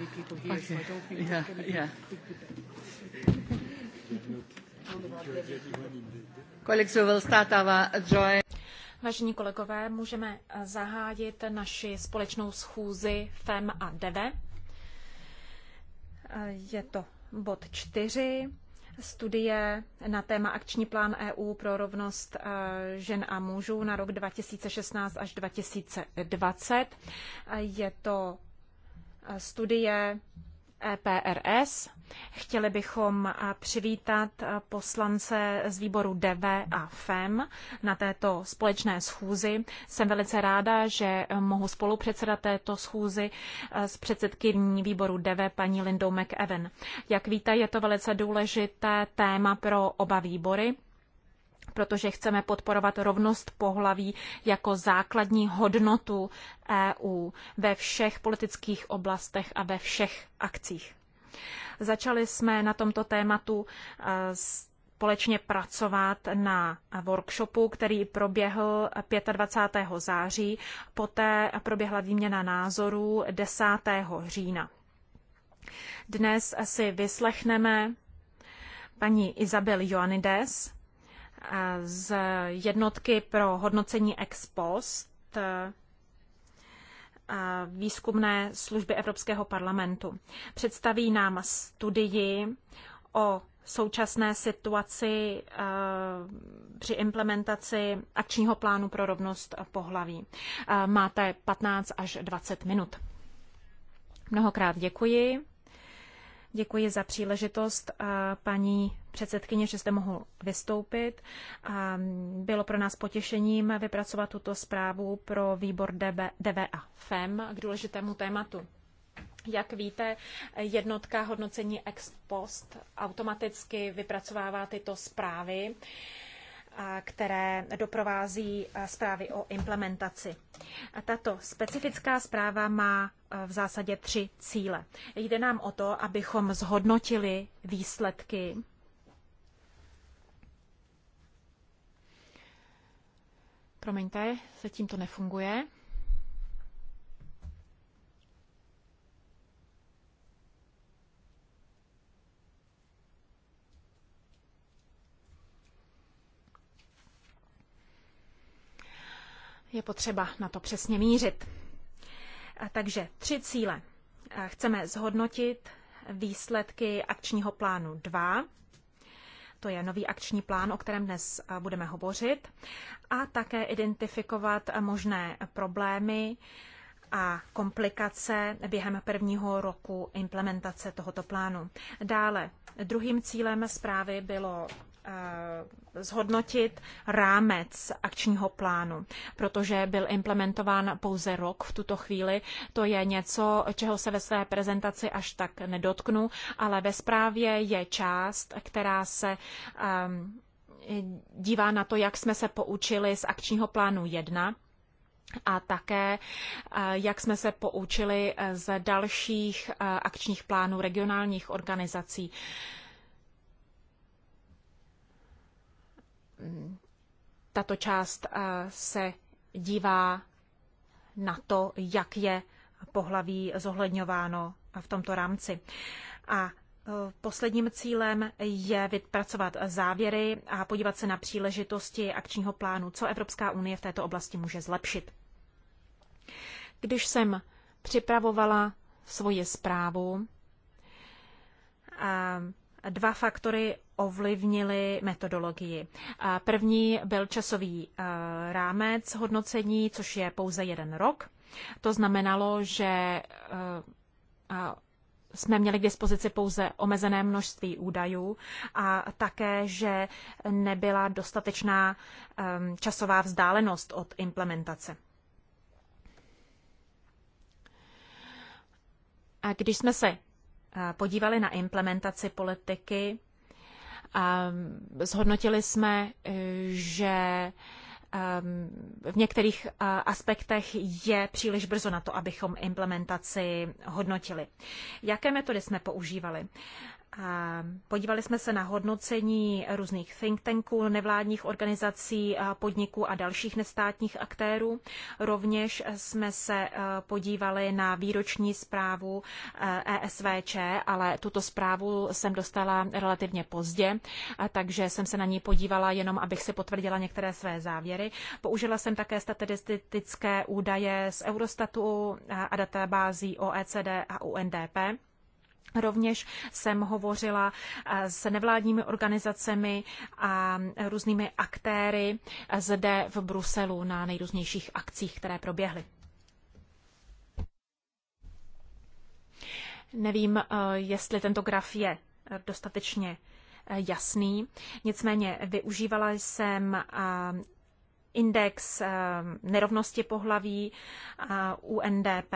many people here, okay. so I don't think yeah, going to yeah. be Vážení kolegové, můžeme zahájit naši společnou schůzi FEM a DEVE. Je to bod čtyři studie na téma Akční plán EU pro rovnost eh, žen a mužů na rok 2016 až 2020. Je to studie EPRS. Chtěli bychom přivítat poslance z výboru DV a FEM na této společné schůzi. Jsem velice ráda, že e, mohu spolupředsedat této schůzi e, s předsedkyní výboru DV paní Lindou McEwen. Jak víte, je to velice důležité téma pro oba výbory protože chceme podporovat rovnost pohlaví jako základní hodnotu EU ve všech politických oblastech a ve všech akcích. Začali jsme na tomto tématu eh, společně pracovat na workshopu, který proběhl 25. září. Poté proběhla výměna názorů 10. října. Dnes si vyslechneme paní Izabel Joanides, z jednotky pro hodnocení ex post eh, výzkumné služby Evropského parlamentu. Představí nám studii o současné situaci eh, při implementaci akčního plánu pro rovnost pohlaví. Eh, máte 15 až 20 minut. Mnohokrát děkuji. Děkuji za příležitost, paní předsedkyně, že jste mohl vystoupit. Bylo pro nás potěšením vypracovat tuto zprávu pro výbor DVA DV a FEM k důležitému tématu. Jak víte, jednotka hodnocení ex post automaticky vypracovává tyto zprávy které doprovází eh, zprávy o implementaci. tato specifická zpráva má eh, v zásadě tři cíle. Jde nám o to, abychom zhodnotili výsledky Promiňte, zatím to nefunguje. Je potřeba na to přesně mířit. A takže tři cíle. Chceme zhodnotit výsledky akčního plánu 2, to je nový akční plán, o kterém dnes budeme hovořit, a také identifikovat možné problémy a komplikace během prvního roku implementace tohoto plánu. Dále, druhým cílem zprávy bylo Eh, zhodnotit rámec akčního plánu, protože byl implementován pouze rok v tuto chvíli. To je něco, čeho se ve své prezentaci až tak nedotknu, ale ve zprávě je část, která se um, dívá na to, jak jsme se poučili z akčního plánu 1 a také, eh, jak jsme se poučili z dalších eh, akčních plánů regionálních organizací. Uh, tato část eh, se dívá na to, jak je pohlaví zohledňováno v tomto rámci. A eh, Posledním cílem je vypracovat závěry a podívat se na příležitosti akčního plánu, co Evropská unie v této oblasti může zlepšit. Když jsem připravovala svoji zprávu, eh, dva faktory ovlivnily metodologii. První byl časový e, rámec hodnocení, což je pouze jeden rok. To znamenalo, že e, jsme měli k dispozici pouze omezené množství údajů a také, že nebyla dostatečná e, časová vzdálenost od implementace. A když jsme se podívali na implementaci politiky. Zhodnotili jsme, eh, že eh, v některých eh, aspektech je příliš brzo na to, abychom implementaci hodnotili. Jaké metody jsme používali? Podívali jsme se na hodnocení různých think tanků, nevládních organizací, podniků a dalších nestátních aktérů. Rovněž jsme se e, podívali na výroční zprávu ESVČ, e ale tuto zprávu jsem dostala relativně pozdě, takže jsem se na ní podívala jenom, abych si potvrdila některé své závěry. Použila jsem také statistické údaje z Eurostatu a databází OECD a UNDP. Rovněž jsem hovořila eh, s nevládními organizacemi a různými aktéry zde v Bruselu na nejrůznějších akcích, které proběhly. Nevím, eh, jestli tento graf je dostatečně eh, jasný. Nicméně využívala jsem index nerovnosti pohlaví UNDP.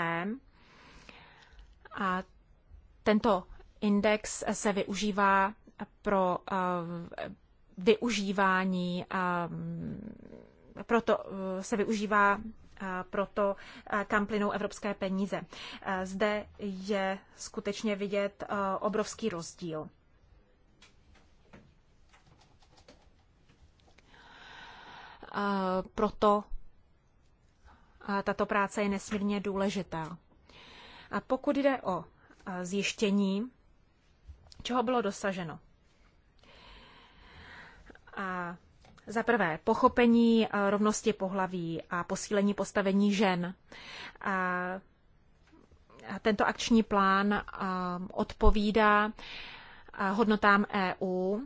A tento index se využívá pro eh, využívání, eh, proto eh, se využívá proto, kam plynou evropské peníze. Zde je skutečně vidět obrovský rozdíl. Proto tato práce je nesmírně důležitá. A pokud jde o zjištění, čeho bylo dosaženo. A za prvé, pochopení e, rovnosti pohlaví a posílení postavení žen. A tento akční plán e, odpovídá e, hodnotám EU,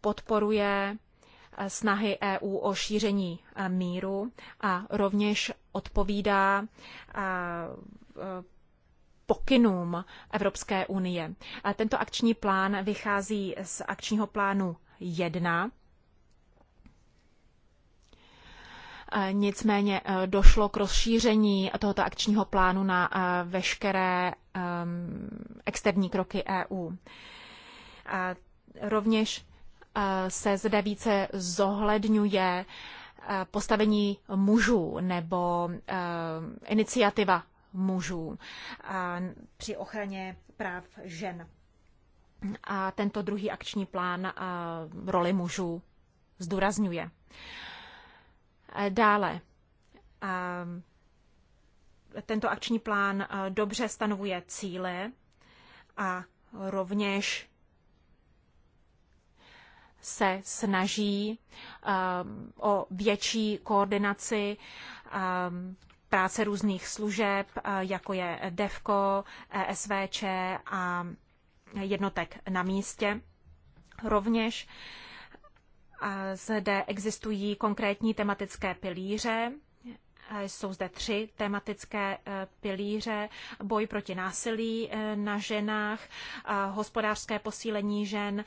podporuje snahy EU o šíření míru a rovněž odpovídá pokynům Evropské unie. Tento akční plán vychází z akčního plánu 1. Nicméně e, došlo k rozšíření tohoto akčního plánu na e, veškeré externí kroky EU. Rovněž e, se zde více zohledňuje postavení mužů nebo iniciativa mužů při ochraně práv žen. A tento druhý akční plán roli mužů zdůrazňuje. Dále, tento akční plán dobře stanovuje cíle a rovněž se snaží o větší koordinaci práce různých služeb, eh, jako je DEVKO, e SVČ a jednotek na místě. Rovněž eh, zde existují konkrétní tematické pilíře, eh, jsou zde tři tematické pilíře. Boj proti násilí na ženách, hospodářské posílení žen,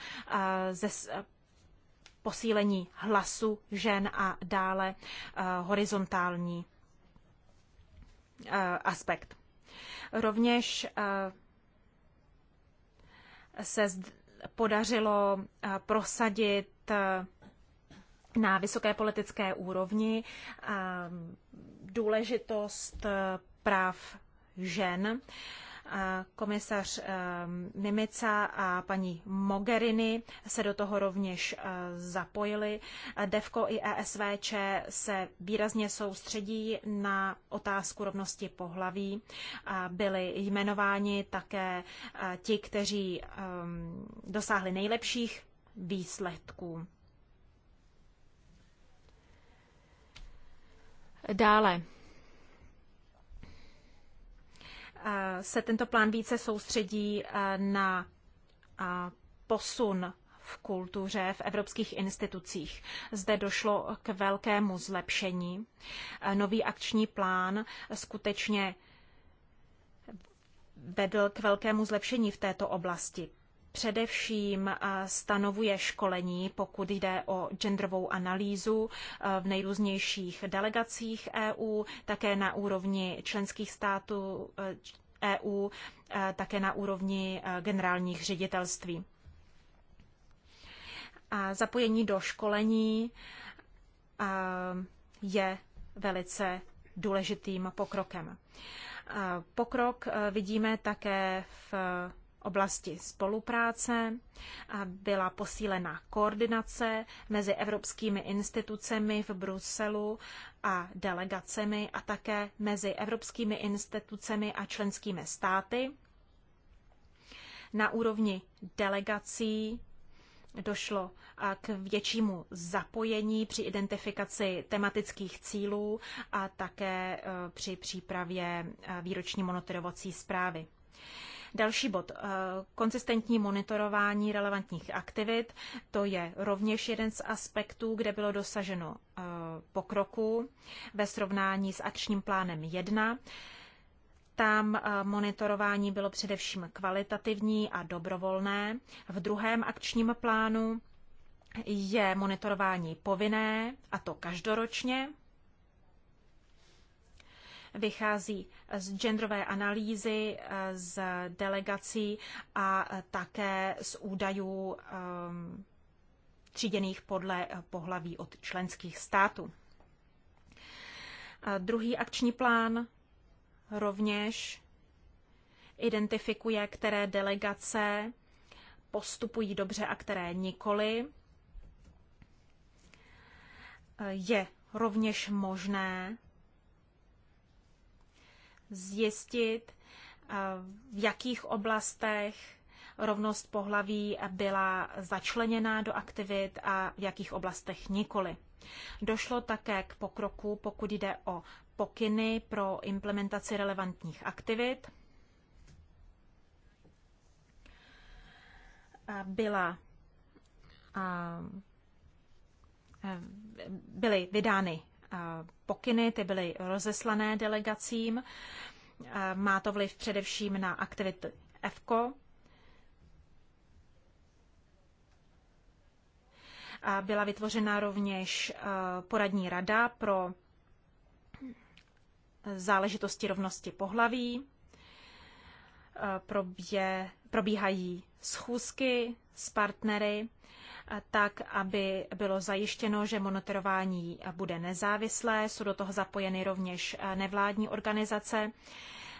posílení hlasu žen a dále horizontální aspekt. Rovněž se podařilo prosadit na vysoké politické úrovni důležitost práv žen komisař eh, Mimica a paní Mogherini se do toho rovněž eh, zapojili. DEVKO i ESVČ se výrazně soustředí na otázku rovnosti pohlaví. Byli jmenováni také eh, ti, kteří ehm, dosáhli nejlepších výsledků. Dále se tento plán více soustředí eh, na posun v kultuře v evropských institucích. Zde došlo k velkému zlepšení. Eh, nový akční plán skutečně vedl k velkému zlepšení v této oblasti především eh, stanovuje školení, pokud jde o genderovou analýzu eh, v nejrůznějších delegacích EU, také na úrovni členských států EU, eh, e také na úrovni generálních ředitelství. A zapojení do školení je velice důležitým pokrokem. Pokrok vidíme také v oblasti spolupráce, a byla posílena koordinace mezi evropskými institucemi v Bruselu a delegacemi a také mezi evropskými institucemi a členskými státy. Na úrovni delegací došlo k většímu zapojení při identifikaci tematických cílů a také e, při přípravě e, výroční monitorovací zprávy. Další bod, eh, konzistentní monitorování relevantních aktivit, to je rovněž jeden z aspektů, kde bylo dosaženo eh, pokroku ve srovnání s akčním plánem 1. Tam eh, monitorování bylo především kvalitativní a dobrovolné. V druhém akčním plánu je monitorování povinné, a to každoročně vychází z genderové analýzy, eh, z delegací a eh, také z údajů ehm, tříděných podle eh, pohlaví od členských států. druhý akční plán rovněž identifikuje, které delegace postupují dobře a které nikoli. Je rovněž možné zjistit, eh, v jakých oblastech rovnost pohlaví byla začleněná do aktivit a v jakých oblastech nikoli. Došlo také k pokroku, pokud jde o pokyny pro implementaci relevantních aktivit. Eh, byla, eh, byly vydány pokyny, ty byly rozeslané delegacím. Má to vliv především na aktivity EFKO. Byla vytvořena rovněž e, poradní rada pro záležitosti rovnosti pohlaví. E, probě, probíhají schůzky s partnery tak aby bylo zajištěno, že monitorování bude nezávislé. Jsou do toho zapojeny rovněž eh, nevládní organizace,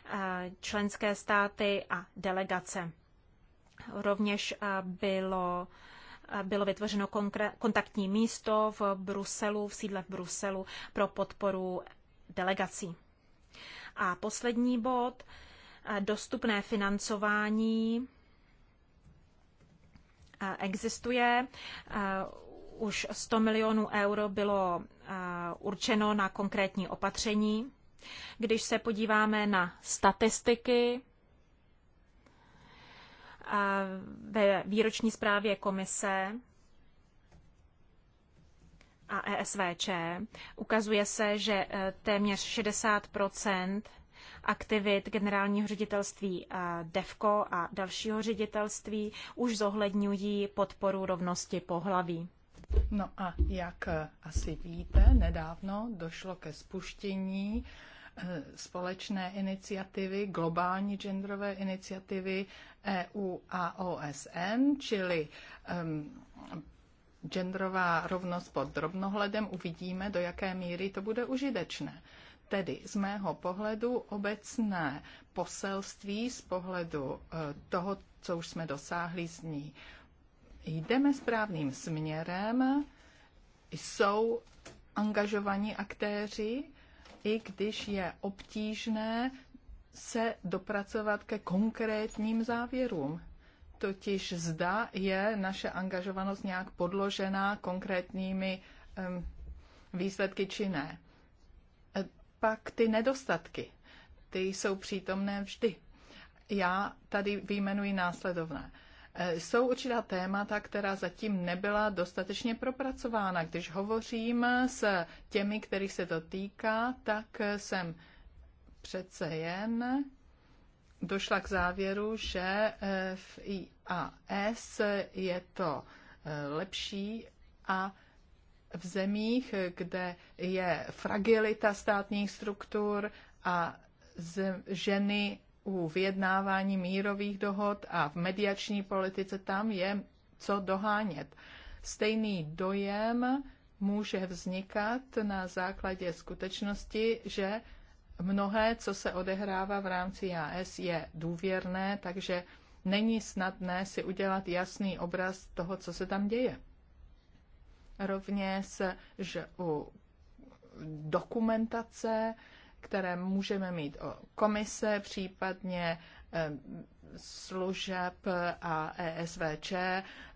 eh, členské státy a delegace. Rovněž eh, bylo bylo vytvořeno kontaktní místo v Bruselu, v sídle v Bruselu pro podporu delegací. A poslední bod, dostupné financování existuje. Už 100 milionů euro bylo určeno na konkrétní opatření. Když se podíváme na statistiky, ve výroční zprávě komise a ESVČ ukazuje se, že e, téměř 60 aktivit generálního ředitelství eh, DEVKO a dalšího ředitelství už zohledňují podporu rovnosti pohlaví. No a jak eh, asi víte, nedávno došlo ke spuštění eh, společné iniciativy, globální genderové iniciativy EU a OSN, čili um, genderová rovnost pod drobnohledem. Uvidíme, do jaké míry to bude užitečné. Tedy z mého pohledu obecné poselství z pohledu e, toho, co už jsme dosáhli z ní. Jdeme správným směrem, jsou angažovaní aktéři, i když je obtížné se dopracovat ke konkrétním závěrům. Totiž zda je naše angažovanost nějak podložená konkrétními um, výsledky či ne pak ty nedostatky, ty jsou přítomné vždy. Já tady vyjmenuji následovné. E, jsou určitá témata, která zatím nebyla dostatečně propracována. Když hovořím s těmi, kterých se to týká, tak jsem přece jen došla k závěru, že v IAS je to e, lepší a v zemích, kde je fragilita státních struktur a ženy u vyjednávání mírových dohod a v mediační politice tam je co dohánět. Stejný dojem může vznikat na základě skutečnosti, že mnohé, co se odehrává v rámci JAS, je důvěrné, takže není snadné si udělat jasný obraz toho, co se tam děje rovněž že u dokumentace, které můžeme mít o komise, případně eh, služeb a ESVČ,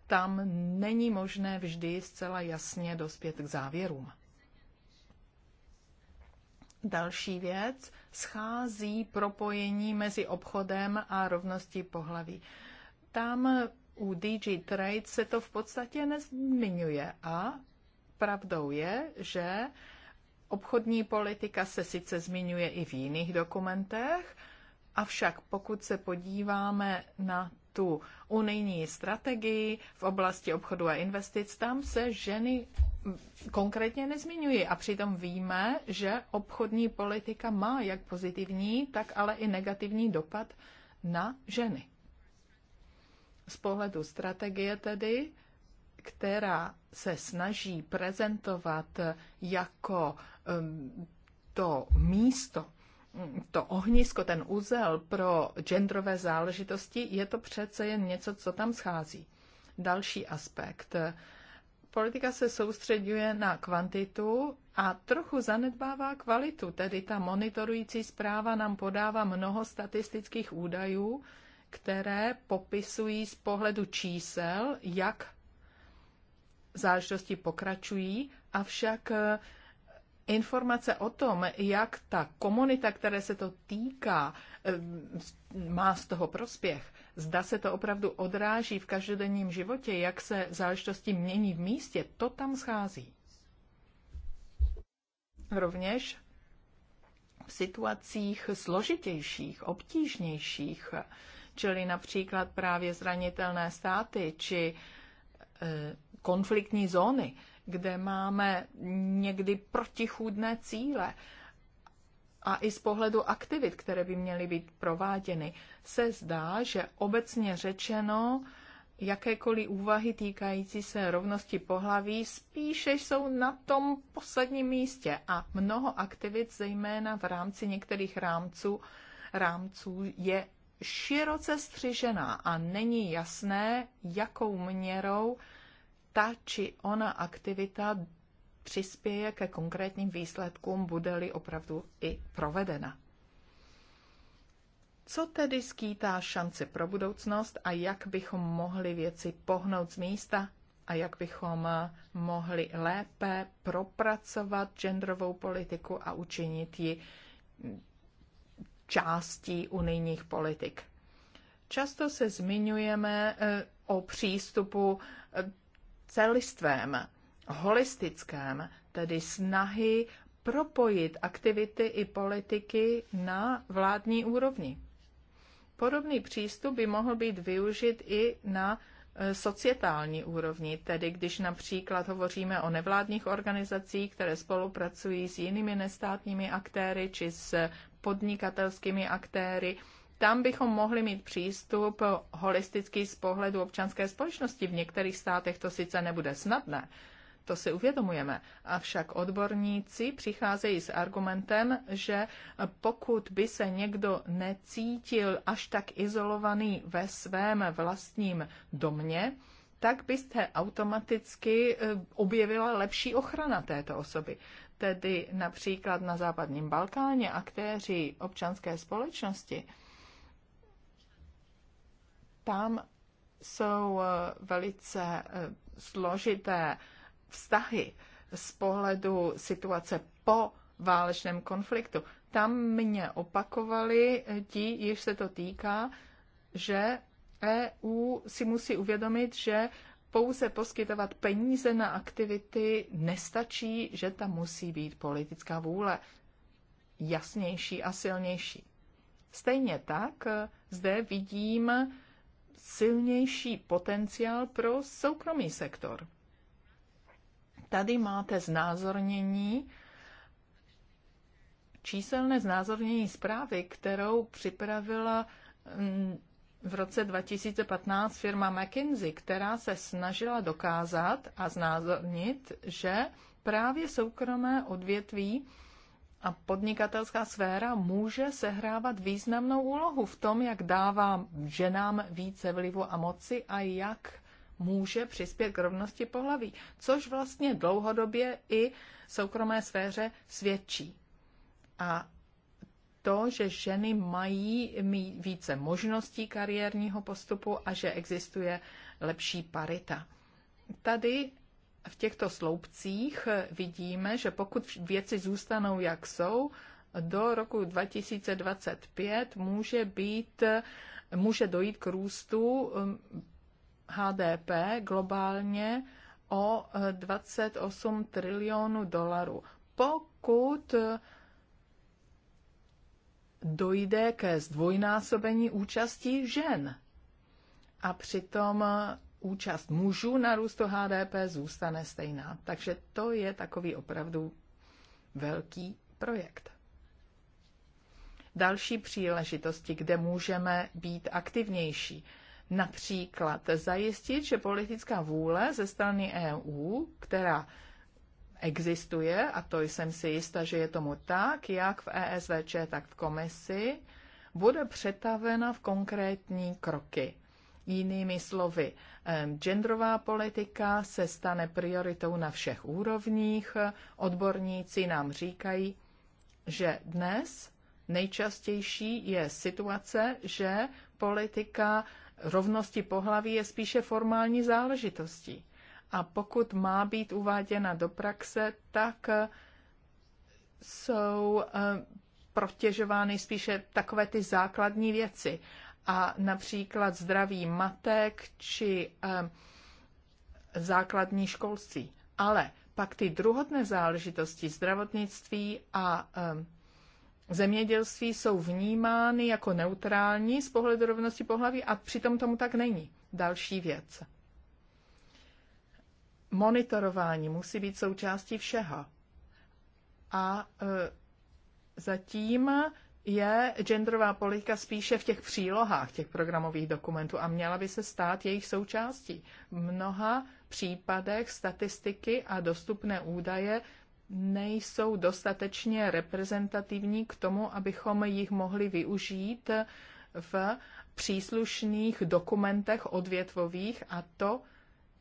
tam není možné vždy zcela jasně dospět k závěrům. Další věc, schází propojení mezi obchodem a rovností pohlaví. Tam u DG Trade se to v podstatě nezmiňuje a pravdou je, že obchodní politika se sice zmiňuje i v jiných dokumentech, avšak pokud se podíváme na tu unijní strategii v oblasti obchodu a investic, tam se ženy konkrétně nezmiňují. A přitom víme, že obchodní politika má jak pozitivní, tak ale i negativní dopad na ženy z pohledu strategie tedy, která se snaží prezentovat jako to místo, to ohnisko, ten úzel pro genderové záležitosti, je to přece jen něco, co tam schází. Další aspekt. Politika se soustředuje na kvantitu a trochu zanedbává kvalitu, tedy ta monitorující zpráva nám podává mnoho statistických údajů, které popisují z pohledu čísel, jak záležitosti pokračují, avšak eh, informace o tom, jak ta komunita, které se to týká, eh, má z toho prospěch, zda se to opravdu odráží v každodenním životě, jak se záležitosti mění v místě, to tam schází. Rovněž v situacích složitějších, obtížnějších, čili například právě zranitelné státy či e, konfliktní zóny, kde máme někdy protichůdné cíle a i z pohledu aktivit, které by měly být prováděny, se zdá, že obecně řečeno jakékoliv úvahy týkající se rovnosti pohlaví spíše jsou na tom posledním místě a mnoho aktivit, zejména v rámci některých rámců, rámců je široce střižená a není jasné, jakou měrou ta či ona aktivita přispěje ke konkrétním výsledkům, bude-li opravdu i provedena. Co tedy skýtá šance pro budoucnost a jak bychom mohli věci pohnout z místa a jak bychom mohli lépe propracovat genderovou politiku a učinit ji částí unijních politik. Často se zmiňujeme e, o přístupu e, celistvém, holistickém, tedy snahy propojit aktivity i politiky na vládní úrovni. Podobný přístup by mohl být využit i na e, societální úrovni, tedy když například hovoříme o nevládních organizacích, které spolupracují s jinými nestátními aktéry či s podnikatelskými aktéry. Tam bychom mohli mít přístup holistický z pohledu občanské společnosti. V některých státech to sice nebude snadné, to si uvědomujeme. Avšak odborníci přicházejí s argumentem, že pokud by se někdo necítil až tak izolovaný ve svém vlastním domě, tak byste automaticky eh, objevila lepší ochrana této osoby tedy například na západním Balkáně aktéři občanské společnosti, tam jsou eh, velice eh, složité vztahy z pohledu situace po válečném konfliktu. Tam mě opakovali eh, ti, již se to týká, že EU si musí uvědomit, že pouze poskytovat peníze na aktivity nestačí, že tam musí být politická vůle jasnější a silnější. Stejně tak eh, zde vidím silnější potenciál pro soukromý sektor. Tady máte znázornění, číselné znázornění zprávy, kterou připravila mm, v roce 2015 firma McKinsey, která se snažila dokázat a znázornit, že právě soukromé odvětví a podnikatelská sféra může sehrávat významnou úlohu v tom, jak dává ženám více vlivu a moci a jak může přispět k rovnosti pohlaví, což vlastně dlouhodobě i soukromé sféře svědčí. A to, že ženy mají mít více možností kariérního postupu a že existuje lepší parita. Tady v těchto sloupcích vidíme, že pokud věci zůstanou, jak jsou, do roku 2025 může být, může dojít k růstu um, HDP globálně o 28 eh, trilionů dolarů. Pokud dojde ke zdvojnásobení účasti žen. A přitom účast mužů na růstu HDP zůstane stejná. Takže to je takový opravdu velký projekt. Další příležitosti, kde můžeme být aktivnější. Například zajistit, že politická vůle ze strany EU, která existuje, a to jsem si jista, že je tomu tak, jak v ESVČ, tak v komisi, bude přetavena v konkrétní kroky. Jinými slovy, genderová politika se stane prioritou na všech úrovních. Odborníci nám říkají, že dnes nejčastější je situace, že politika rovnosti pohlaví je spíše formální záležitostí a pokud má být uváděna do praxe, tak jsou eh, protěžovány spíše takové ty základní věci. A například zdraví matek či eh, základní školství. Ale pak ty druhotné záležitosti zdravotnictví a eh, zemědělství jsou vnímány jako neutrální z pohledu rovnosti pohlaví a přitom tomu tak není. Další věc monitorování musí být součástí všeho. A e, zatím je genderová politika spíše v těch přílohách těch programových dokumentů a měla by se stát jejich součástí. V mnoha případech statistiky a dostupné údaje nejsou dostatečně reprezentativní k tomu, abychom jich mohli využít v příslušných dokumentech odvětvových a to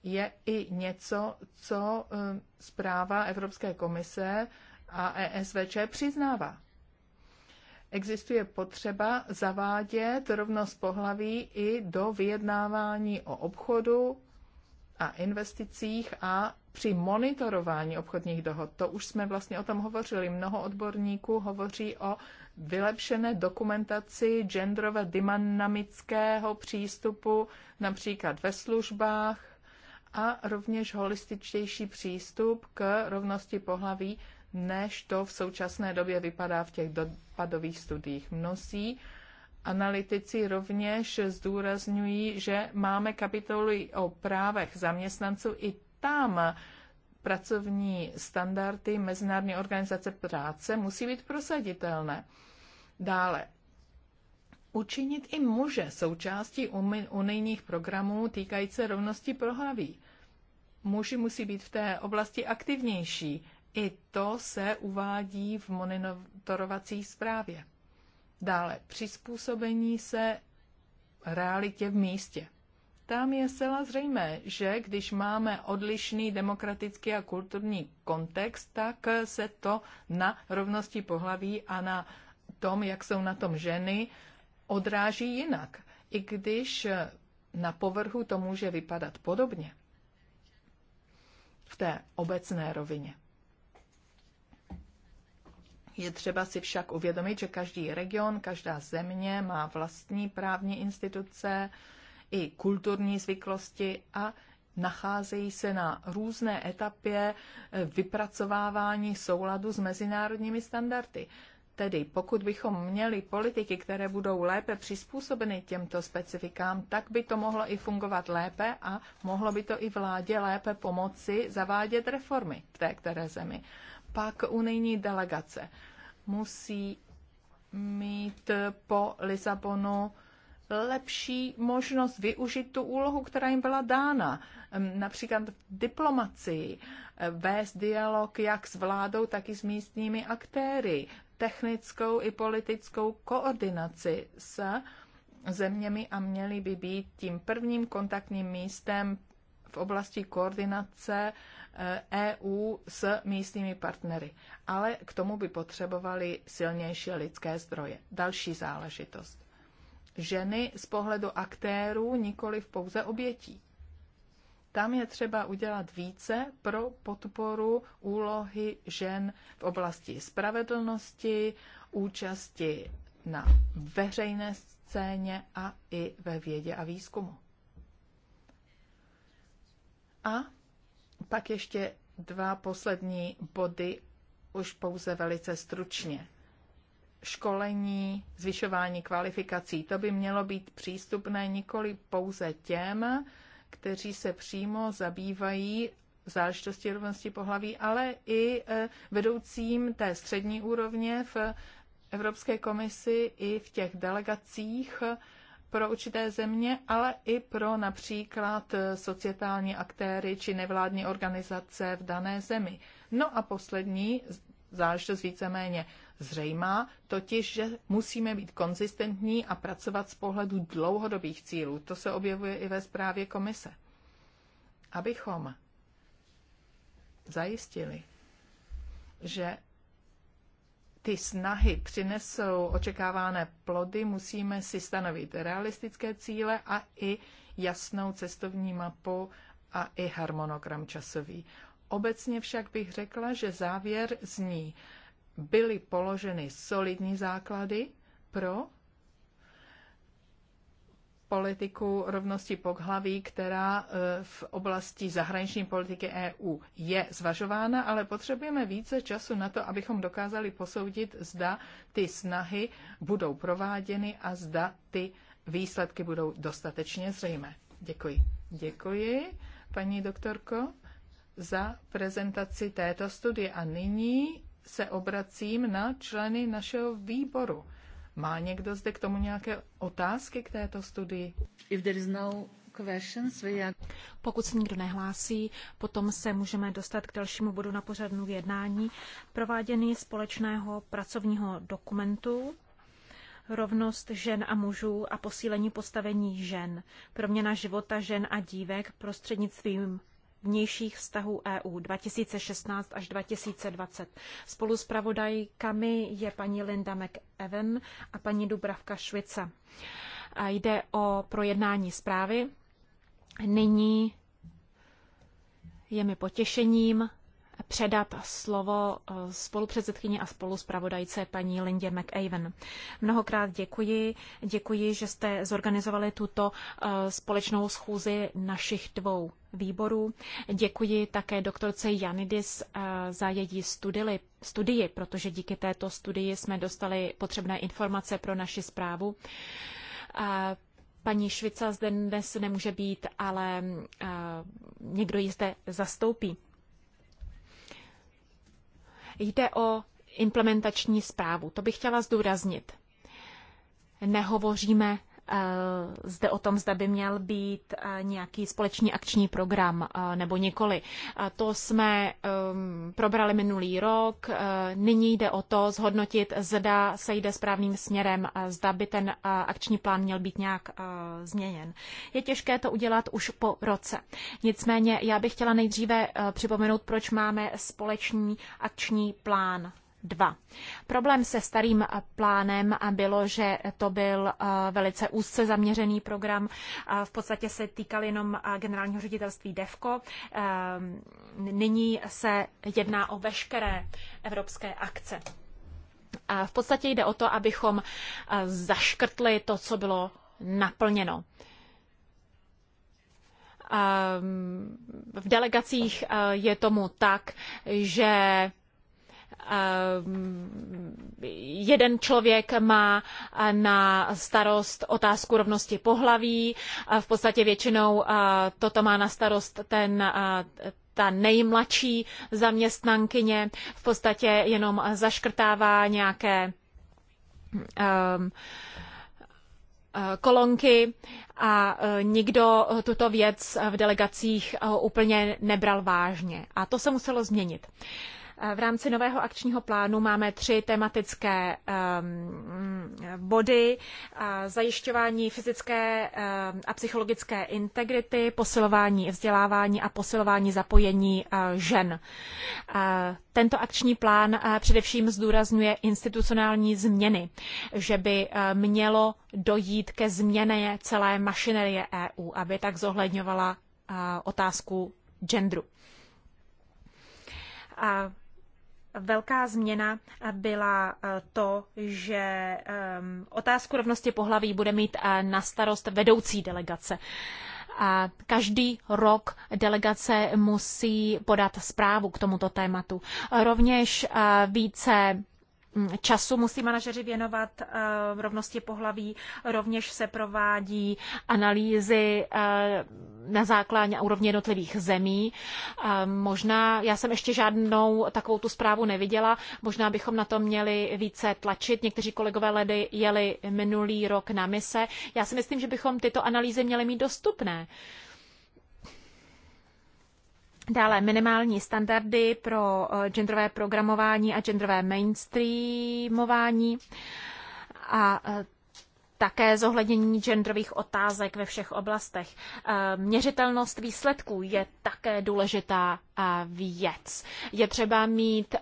je i něco, co eh, zpráva Evropské komise a ESVČ přiznává. Existuje potřeba zavádět rovnost pohlaví i do vyjednávání o obchodu a investicích a při monitorování obchodních dohod. To už jsme vlastně o tom hovořili. Mnoho odborníků hovoří o vylepšené dokumentaci genderově dynamického přístupu, například ve službách, a rovněž holističtější přístup k rovnosti pohlaví, než to v současné době vypadá v těch dopadových studiích. Mnozí analytici rovněž zdůrazňují, že máme kapitoly o právech zaměstnanců i tam pracovní standardy Mezinárodní organizace práce musí být prosaditelné. Dále učinit i muže součástí unijních programů týkající rovnosti pohlaví. Muži musí být v té oblasti aktivnější. I to se uvádí v monitorovací zprávě. Dále přizpůsobení se realitě v místě. Tam je zcela zřejmé, že když máme odlišný demokratický a kulturní kontext, tak se to na rovnosti pohlaví a na tom, jak jsou na tom ženy, odráží jinak, i když na povrchu to může vypadat podobně v té obecné rovině. Je třeba si však uvědomit, že každý region, každá země má vlastní právní instituce i kulturní zvyklosti a nacházejí se na různé etapě eh, vypracovávání souladu s mezinárodními standardy. Tedy pokud bychom měli politiky, které budou lépe přizpůsobeny těmto specifikám, tak by to mohlo i fungovat lépe a mohlo by to i vládě lépe pomoci zavádět reformy v té které zemi. Pak unijní delegace musí mít po Lisabonu lepší možnost využít tu úlohu, která jim byla dána. Například v diplomacii, vést dialog jak s vládou, tak i s místními aktéry, technickou i politickou koordinaci s zeměmi a měly by být tím prvním kontaktním místem v oblasti koordinace EU eh, e s místními partnery. Ale k tomu by potřebovali silnější lidské zdroje. Další záležitost. Ženy z pohledu aktérů, nikoli v pouze obětí. Tam je třeba udělat více pro podporu úlohy žen v oblasti spravedlnosti, účasti na veřejné scéně a i ve vědě a výzkumu. A pak ještě dva poslední body, už pouze velice stručně. Školení, zvyšování kvalifikací, to by mělo být přístupné nikoli pouze těm, kteří se přímo zabývají záležitosti rovnosti pohlaví, ale i eh, vedoucím té střední úrovně v Evropské komisi i v těch delegacích eh, pro určité země, ale i pro například eh, societální aktéry či nevládní organizace v dané zemi. No a poslední záležitost víceméně zřejmá, totiž, že musíme být konzistentní a pracovat z pohledu dlouhodobých cílů. To se objevuje i ve zprávě komise. Abychom zajistili, že ty snahy přinesou očekávané plody, musíme si stanovit realistické cíle a i jasnou cestovní mapu a i harmonogram časový. Obecně však bych řekla, že závěr zní, byly položeny solidní základy pro politiku rovnosti pohlaví, která e, v oblasti zahraniční politiky EU je zvažována, ale potřebujeme více času na to, abychom dokázali posoudit, zda ty snahy budou prováděny a zda ty výsledky budou dostatečně zřejmé. Děkuji. Děkuji, paní doktorko, za prezentaci této studie. A nyní se obracím na členy našeho výboru. Má někdo zde k tomu nějaké otázky k této studii? If there is no questions, we are... Pokud se nikdo nehlásí, potom se můžeme dostat k dalšímu bodu na pořadnu v jednání. Provádění společného pracovního dokumentu rovnost žen a mužů a posílení postavení žen, proměna života žen a dívek prostřednictvím vnějších vztahů EU 2016 až 2020. Spolu s pravodajkami je paní Linda McEwen a paní Dubravka Švica. A jde o projednání zprávy. Nyní je mi potěšením předat slovo eh, spolupředsedkyni a spoluzpravodajce paní Lindě McAven. Mnohokrát děkuji. Děkuji, že jste zorganizovali tuto eh, společnou schůzi našich dvou výborů. Děkuji také doktorce Janidis eh, za její studili, studii, protože díky této studii jsme dostali potřebné informace pro naši zprávu. Paní Švica zde dnes nemůže být, ale někdo ji zde zastoupí. Jde o implementační zprávu. To bych chtěla zdůraznit. Nehovoříme Eh, zde o tom, zda by měl být eh, nějaký společný akční program eh, nebo nikoli. To jsme ehm, probrali minulý rok. Nyní jde o to zhodnotit, zda se jde správným směrem, zda by ten akční plán měl být nějak změněn. Je těžké to udělat už po roce. Nicméně já bych chtěla nejdříve připomenout, proč máme společný akční plán 2. Problém se starým plánem bylo, že to byl eh, velice úzce zaměřený program. Eh, v podstatě se týkal jenom eh, generálního ředitelství DEVKO. Nyní se jedná o veškeré evropské akce. A v podstatě jde o to, abychom zaškrtli to, co bylo naplněno. Ehm, v delegacích je tomu tak, že Ehm, jeden člověk má eh, na starost otázku rovnosti pohlaví, eh, v podstatě většinou eh, toto má na starost ten ta nejmladší zaměstnankyně v podstatě jenom zaškrtává nějaké ehm, kolonky a nikdo tuto věc v delegacích úplně nebral vážně. A to se muselo změnit. Eh, v rámci nového akčního plánu máme tři tematické ehm, body. Eh, zajišťování fyzické ehm, a psychologické integrity, posilování vzdělávání a posilování zapojení eh, žen. Tento akční plán především zdůrazňuje institucionální změny, že by mělo dojít ke změně celé mašinerie EU, aby tak zohledňovala otázku genderu. A Velká změna byla eh, to, že ehm, otázku rovnosti pohlaví bude mít eh, na starost vedoucí delegace. A každý rok delegace musí podat zprávu k tomuto tématu. Rovněž eh, více Mm, času musí manažeři věnovat eh, rovnosti pohlaví. Rovněž se provádí analýzy eh, na základě a úrovně jednotlivých zemí. Eh, možná, já jsem ještě žádnou takovou tu zprávu neviděla, možná bychom na to měli více tlačit. Někteří kolegové ledy jeli minulý rok na mise. Já si myslím, že bychom tyto analýzy měli mít dostupné. Uh, Dále minimální standardy pro eh, genderové programování a genderové mainstreamování a eh, také zohlednění genderových otázek ve všech oblastech. Eh, měřitelnost výsledků je také důležitá věc. Je třeba mít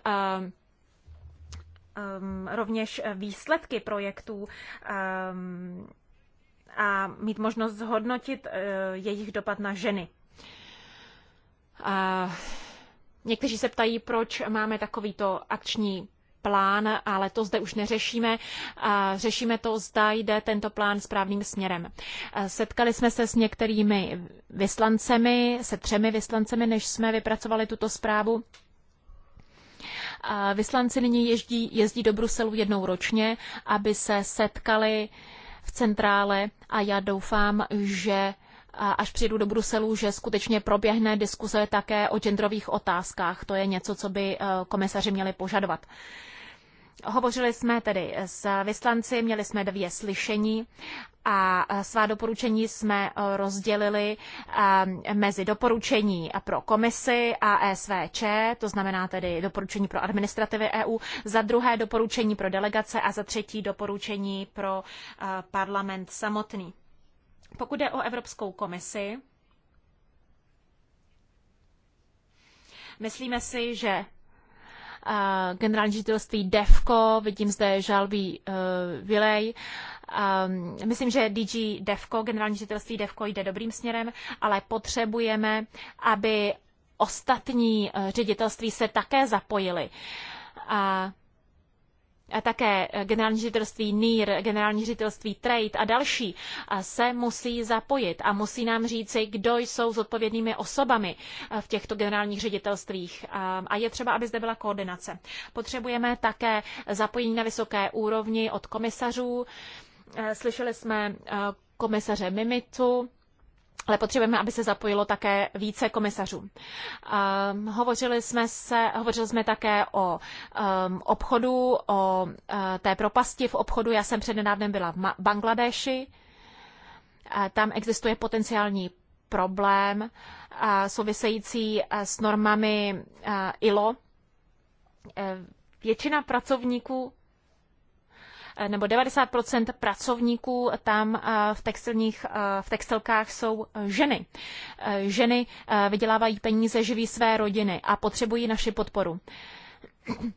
rovněž výsledky projektů a mít možnost zhodnotit jejich dopad na ženy. A někteří se ptají, proč máme takovýto akční plán, ale to zde už neřešíme. Řešíme to, zda jde tento plán správným směrem. Setkali jsme se s některými vyslancemi, se třemi vyslancemi, než jsme vypracovali tuto zprávu. Vyslanci nyní jezdí, jezdí do Bruselu jednou ročně, aby se setkali v centrále a já doufám, že až přijdu do Bruselu, že skutečně proběhne diskuse také o genderových otázkách. To je něco, co by eh, komisaři měli požadovat. Hovořili jsme tedy s vyslanci, měli jsme dvě slyšení a eh, svá doporučení jsme eh, rozdělili mezi doporučení pro komisi a ESVČ, to znamená tedy doporučení pro administrativy EU, za druhé doporučení pro delegace a za třetí doporučení pro parlament samotný. Pokud jde o Evropskou komisi, myslíme si, že eh, generální ředitelství DEFCO, vidím zde žalbí uh, eh, Vilej. Um, myslím, že DG DEFCO, generální ředitelství DEFCO jde dobrým směrem, ale potřebujeme, aby ostatní ředitelství se také zapojili. A také eh, generální ředitelství NIR, generální ředitelství Trade a další se musí zapojit a musí nám říci, kdo jsou zodpovědnými osobami eh, v těchto generálních ředitelstvích. A je třeba, aby zde byla koordinace. Potřebujeme také zapojení na vysoké úrovni od komisařů. Eh, slyšeli jsme komisaře Mimitu, ale potřebujeme, aby se zapojilo také více komisařů. Um, hovořili jsme se, hovořili jsme také o um, obchodu, o uh, té propasti v obchodu. Já jsem přednedávnem byla v Ma- Bangladeši. E, tam existuje potenciální problém uh, související s normami ILO. většina pracovníků Eh, nebo 90 pracovníků tam eh, v, textilních, eh, v textilkách jsou ženy. Ženy vydělávají peníze, živí své rodiny a potřebují naši podporu.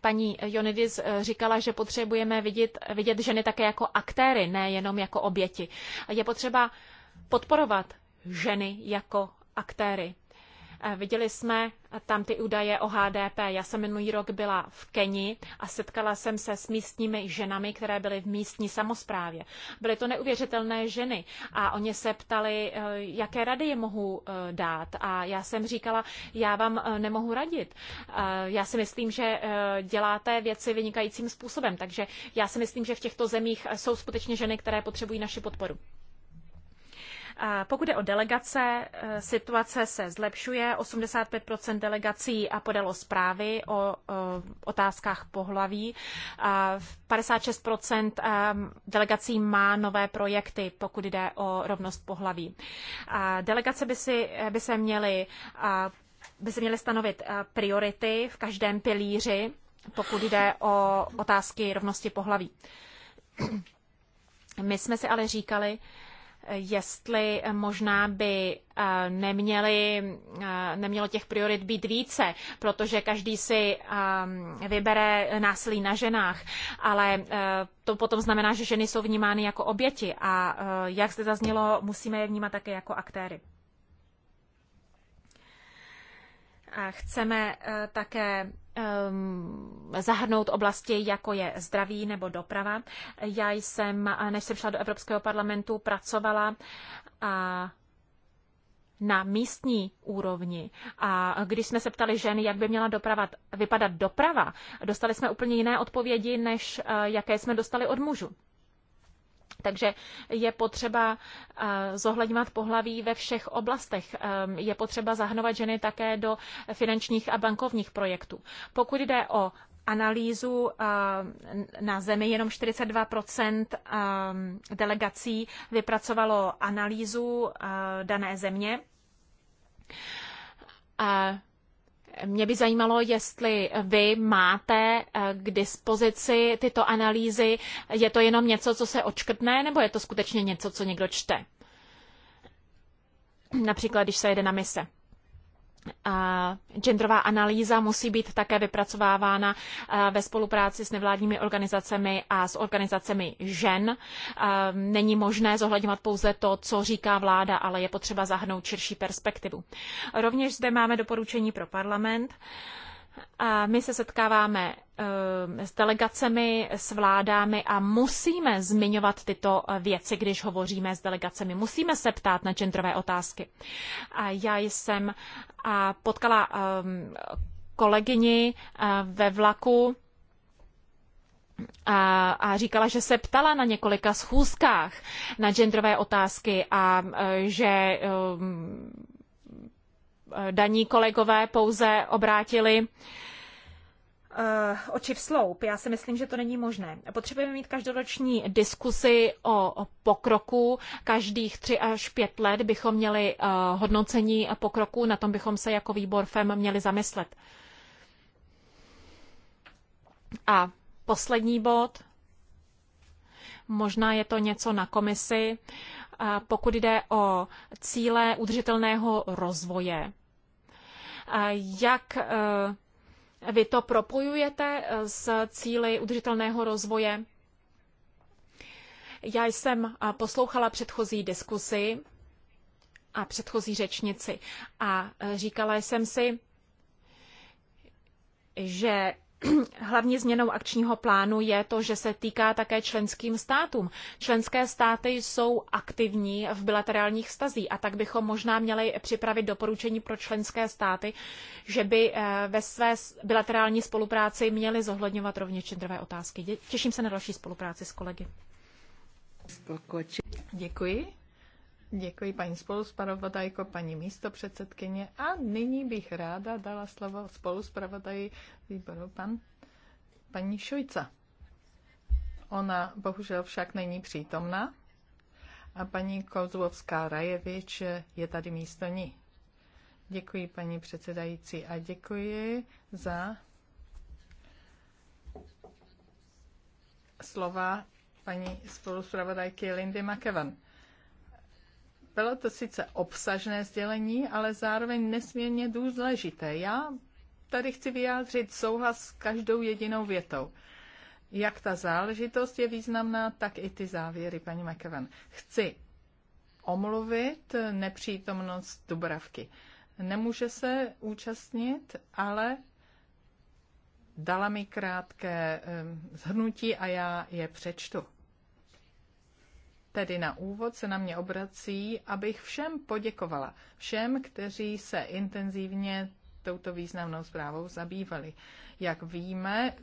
Paní Jonidis říkala, že potřebujeme vidět, vidět ženy také jako aktéry, ne jenom jako oběti. Je potřeba podporovat ženy jako aktéry. Viděli jsme tam ty údaje o HDP. Já jsem minulý rok byla v Keni a setkala jsem se s místními ženami, které byly v místní samozprávě. Byly to neuvěřitelné ženy a oni se ptali, eh, jaké rady je mohu eh, dát. A já jsem říkala, já vám eh, nemohu radit. Já si myslím, že děláte věci vynikajícím způsobem, takže já si myslím, že v těchto zemích jsou skutečně ženy, které potřebují naši podporu. Pokud je o delegace, eh, situace se zlepšuje. 85 delegací a podalo zprávy o eh, otázkách pohlaví. 56 eh, delegací má nové projekty, pokud jde o rovnost pohlaví. Delegace by, si, by se měly by se měly stanovit priority v každém pilíři, pokud jde o otázky rovnosti pohlaví. My jsme si ale říkali, jestli možná by eh, neměli, eh, nemělo těch priorit být více, protože každý si eh, vybere násilí na ženách, ale to potom znamená, že ženy jsou vnímány jako oběti a jak zde zaznělo, musíme je vnímat také jako aktéry. Chceme také Um, zahrnout oblasti, jako je zdraví nebo doprava. Já jsem, než jsem šla do Evropského parlamentu, pracovala a na místní úrovni. A když jsme se ptali žen, jak by měla doprava, vypadat doprava, dostali jsme úplně jiné odpovědi, než uh, jaké jsme dostali od mužů. Takže je potřeba eh, zohledňovat pohlaví ve všech oblastech. Ehm, je potřeba zahrnovat ženy také do finančních a bankovních projektů. Pokud jde o analýzu ehm, na zemi, jenom 42 ehm, delegací vypracovalo analýzu eh, dané země. Eh, mě by zajímalo, jestli vy máte eh, k dispozici tyto analýzy. Je to jenom něco, co se očkrtne, nebo je to skutečně něco, co někdo čte? Například, když se jede na mise genderová analýza musí být také vypracovávána eh, ve spolupráci s nevládními organizacemi a s organizacemi žen. Eh, není možné zohledňovat pouze to, co říká vláda, ale je potřeba zahrnout širší perspektivu. Rovněž zde máme doporučení pro parlament. A my se setkáváme ehm, s delegacemi, s vládami a musíme zmiňovat tyto eh, věci, když hovoříme s delegacemi. Musíme se ptát na genderové otázky. A já jsem potkala ehm, kolegyni eh, ve vlaku a, a říkala, že se ptala na několika schůzkách na genderové otázky a eh, že ehm, Eh, daní kolegové pouze obrátili eh, oči v sloup. Já si myslím, že to není možné. Potřebujeme mít každoroční diskusi o pokroku. Každých tři až pět let bychom měli eh, hodnocení pokroku, na tom bychom se jako výbor FEM měli zamyslet. A poslední bod. Možná je to něco na komisi. Pokud jde o cíle udržitelného rozvoje, jak eh, vy to propojujete eh, s cíly udržitelného rozvoje. Já jsem eh, poslouchala předchozí diskusi a předchozí řečnici a říkala jsem si, že Hlavní změnou akčního plánu je to, že se týká také členským státům. Členské státy jsou aktivní v bilaterálních stazích a tak bychom možná měli připravit doporučení pro členské státy, že by eh, ve své bilaterální spolupráci měly zohledňovat rovněž genderové otázky. Těším se na další spolupráci s kolegy. Děkuji. Děkuji paní spoluspravodajko, paní místopředsedkyně. A nyní bych ráda dala slovo spoluspravodaji výboru pan, paní Šujca. Ona bohužel však není přítomná a paní Kozlovská Rajevič je tady místo ní. Děkuji, paní předsedající, a děkuji za slova paní spoluspravodajky Lindy McEvan. Bylo to sice obsažné sdělení, ale zároveň nesmírně důležité. Já tady chci vyjádřit souhlas s každou jedinou větou. Jak ta záležitost je významná, tak i ty závěry, paní McEwen. Chci omluvit nepřítomnost Dubravky. Nemůže se účastnit, ale dala mi krátké zhrnutí eh, a já je přečtu tedy na úvod se na mě obrací, abych všem poděkovala. Všem, kteří se intenzivně touto významnou zprávou zabývali. Jak víme,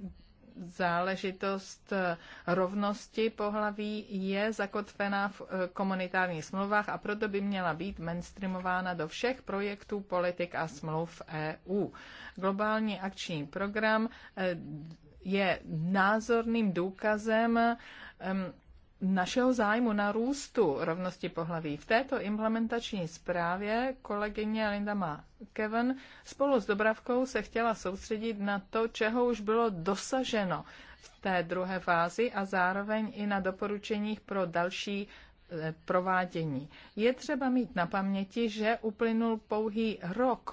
záležitost rovnosti pohlaví je zakotvená v eh, komunitárních smlouvách a proto by měla být mainstreamována do všech projektů politik a smluv EU. Globální akční program eh, je názorným důkazem našeho zájmu na růstu rovnosti pohlaví. V této implementační zprávě kolegyně Linda Ma Kevin spolu s Dobravkou se chtěla soustředit na to, čeho už bylo dosaženo v té druhé fázi a zároveň i na doporučeních pro další eh, provádění. Je třeba mít na paměti, že uplynul pouhý rok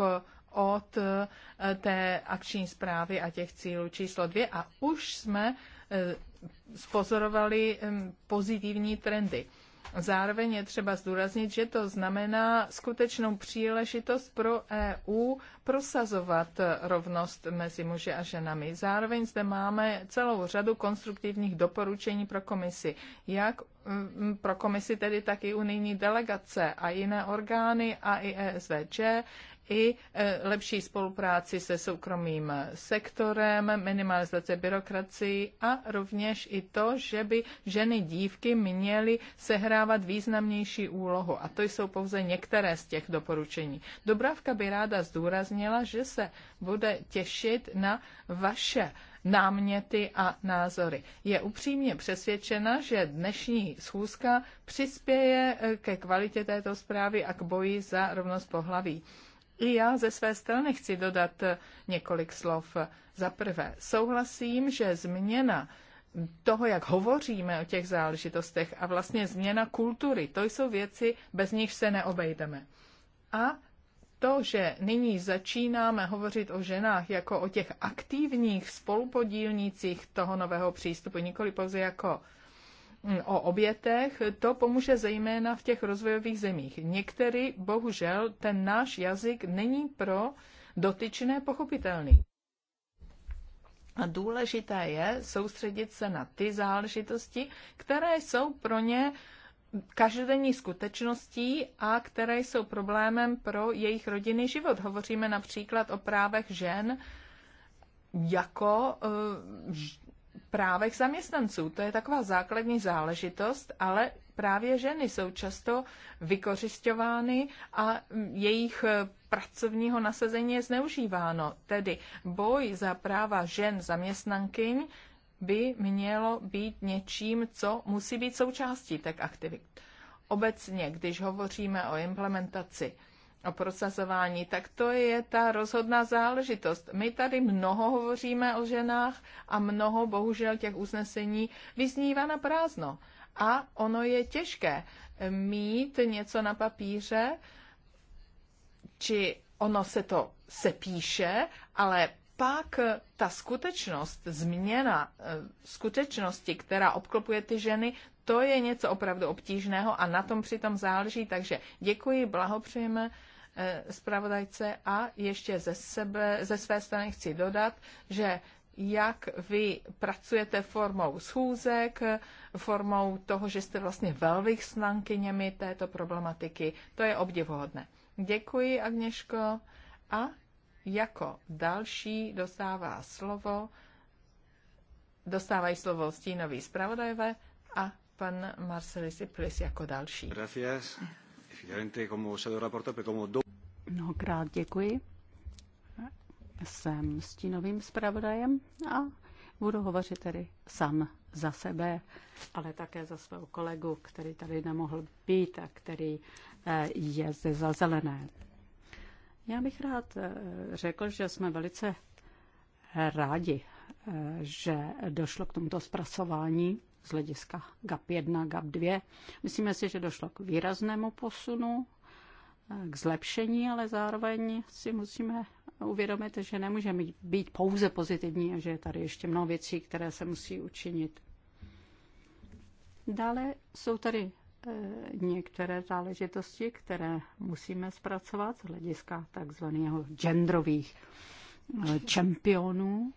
od eh, té akční zprávy a těch cílů číslo dvě a už jsme Eh, spozorovali pozitivní trendy. Zároveň je třeba zdůraznit, že to znamená skutečnou příležitost pro EU prosazovat eh, rovnost mezi muži a ženami. Zároveň zde máme celou řadu konstruktivních doporučení pro komisi, jak mm, pro komisi tedy taky unijní delegace a jiné orgány a i ESVČ, i e, lepší spolupráci se soukromým e, sektorem, minimalizace byrokracii a rovněž i to, že by ženy dívky měly sehrávat významnější úlohu. A to jsou pouze některé z těch doporučení. Dobrávka by ráda zdůraznila, že se bude těšit na vaše náměty a názory. Je upřímně přesvědčena, že dnešní schůzka přispěje e, ke kvalitě této zprávy a k boji za rovnost pohlaví. I já ze své strany chci dodat eh, několik slov. Za prvé, souhlasím, že změna toho, jak hovoříme o těch záležitostech a vlastně změna kultury, to jsou věci, bez nich se neobejdeme. A to, že nyní začínáme hovořit o ženách jako o těch aktivních spolupodílnících toho nového přístupu, nikoli pouze jako Mm, o obětech, to pomůže zejména v těch rozvojových zemích. Některý, bohužel, ten náš jazyk není pro dotyčné pochopitelný. A důležité je soustředit se na ty záležitosti, které jsou pro ně každodenní skutečností a které jsou problémem pro jejich rodinný život. Hovoříme například o právech žen jako eh, právech zaměstnanců. To je taková základní záležitost, ale právě ženy jsou často vykořišťovány a jejich eh, pracovního nasazení je zneužíváno. Tedy boj za práva žen zaměstnankyň by mělo být něčím, co musí být součástí tak aktivit. Obecně, když hovoříme o implementaci o prosazování, tak to je ta rozhodná záležitost. My tady mnoho hovoříme o ženách a mnoho bohužel těch usnesení vyznívá na prázdno. A ono je těžké mít něco na papíře, či ono se to sepíše, ale pak ta skutečnost, změna eh, skutečnosti, která obklopuje ty ženy, to je něco opravdu obtížného a na tom přitom záleží. Takže děkuji, blahopřejeme Eh, zpravodajce a ještě ze, sebe, ze své strany chci dodat, že jak vy pracujete formou schůzek, formou toho, že jste vlastně velvých snankyněmi této problematiky. To je obdivuhodné. Děkuji, Agněško. A jako další dostává slovo, dostávají slovo stínový zpravodajové a pan Marcelis Iplis jako další. Gracias. Mnohokrát děkuji. Jsem stínovým zpravodajem a budu hovořit tedy sám za sebe, ale také za svého kolegu, který tady nemohl být a který eh, je zde za zelené. Já bych rád eh, řekl, že jsme velice rádi, eh, že došlo k tomuto zpracování z hlediska GAP 1, GAP 2. Myslíme si, že došlo k výraznému posunu, eh, k zlepšení, ale zároveň si musíme uvědomit, že nemůžeme být pouze pozitivní a že je tady ještě mnoho věcí, které se musí učinit. Dále jsou tady eh, některé záležitosti, které musíme zpracovat z hlediska takzvaného genderových eh, čempionů.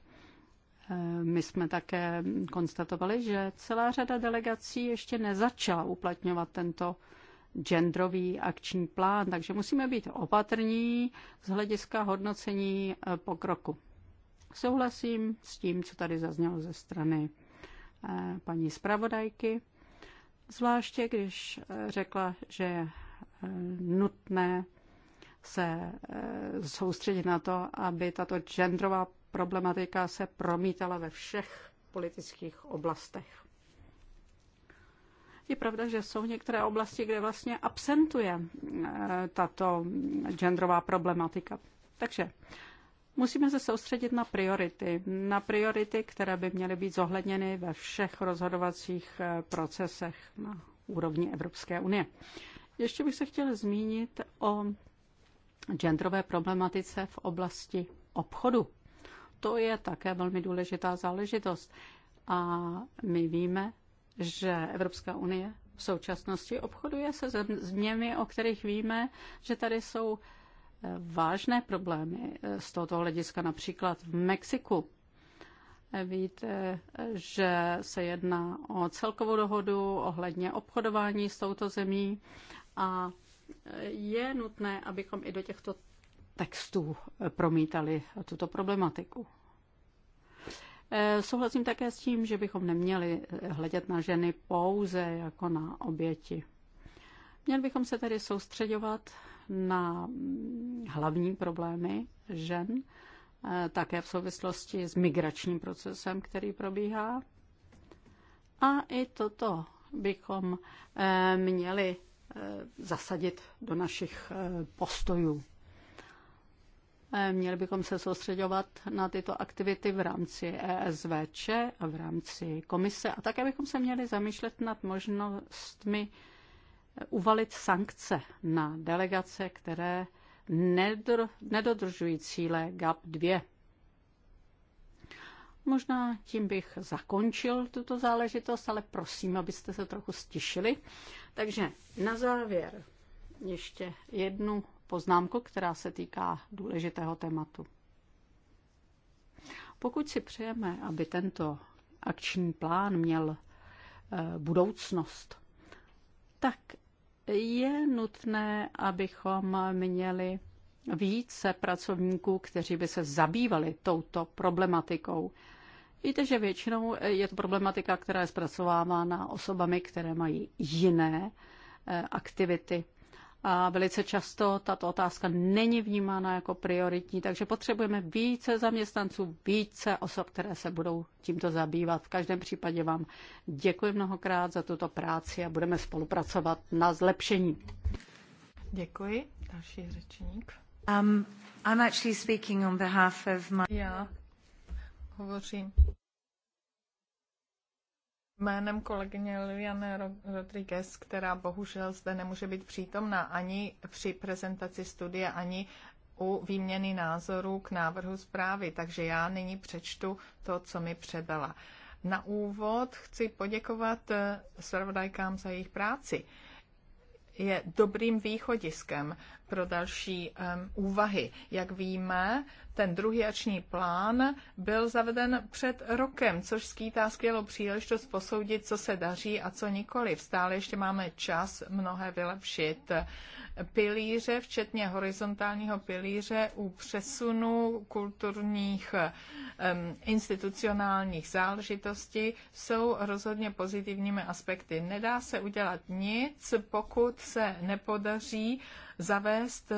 My jsme také konstatovali, že celá řada delegací ještě nezačala uplatňovat tento genderový akční plán, takže musíme být opatrní z hlediska hodnocení eh, pokroku. Souhlasím s tím, co tady zaznělo ze strany eh, paní zpravodajky, zvláště když eh, řekla, že je nutné se soustředit na to, aby tato genderová problematika se promítala ve všech politických oblastech. Je pravda, že jsou některé oblasti, kde vlastně absentuje eh, tato genderová problematika. Takže musíme se soustředit na priority. Na priority, které by měly být zohledněny ve všech rozhodovacích eh, procesech na úrovni Evropské unie. Ještě bych se chtěl zmínit o genderové problematice v oblasti obchodu to je také velmi důležitá záležitost. A my víme, že Evropská unie v současnosti obchoduje se změmi, o kterých víme, že tady jsou eh, vážné problémy eh, z tohoto hlediska, například v Mexiku. Eh, víte, že se jedná o celkovou dohodu ohledně obchodování s touto zemí a je nutné, abychom i do těchto textů eh, promítali tuto problematiku. Eh, souhlasím také s tím, že bychom neměli eh, hledět na ženy pouze jako na oběti. Měli bychom se tedy soustředovat na mm, hlavní problémy žen, také v souvislosti s migračním procesem, který probíhá. A i toto bychom měli zasadit do našich postojů. Eh, měli bychom se soustředovat na tyto aktivity v rámci ESVČ a v rámci komise a také bychom se měli zamýšlet nad možnostmi eh, uvalit sankce na delegace, které nedodržují cíle GAP 2. Možná tím bych zakončil tuto záležitost, ale prosím, abyste se trochu stišili. Takže na závěr ještě jednu poznámku, která se týká důležitého tématu. Pokud si přejeme, aby tento akční plán měl eh, budoucnost, tak je nutné, abychom měli více pracovníků, kteří by se zabývali touto problematikou. Víte, že většinou je to problematika, která je zpracovávána osobami, které mají jiné eh, aktivity a velice často tato otázka není vnímána jako prioritní, takže potřebujeme více zaměstnanců, více osob, které se budou tímto zabývat. V každém případě vám děkuji mnohokrát za tuto práci a budeme spolupracovat na zlepšení. Děkuji. Další řečník. Um, I'm actually speaking on behalf of my... Já hovořím Jménem kolegyně Liliane Rodriguez, která bohužel zde nemůže být přítomná ani při prezentaci studie, ani u výměny názorů k návrhu zprávy, takže já nyní přečtu to, co mi předala. Na úvod chci poděkovat eh, zpravodajkám za jejich práci. Je dobrým východiskem pro další um, úvahy. Jak víme, ten druhý ační plán byl zaveden před rokem, což skýtá skvělou příležitost posoudit, co se daří a co nikoli. Stále ještě máme čas mnohé vylepšit. Pilíře, včetně horizontálního pilíře u přesunu kulturních um, institucionálních záležitostí, jsou rozhodně pozitivními aspekty. Nedá se udělat nic, pokud se nepodaří uh, zavést eh,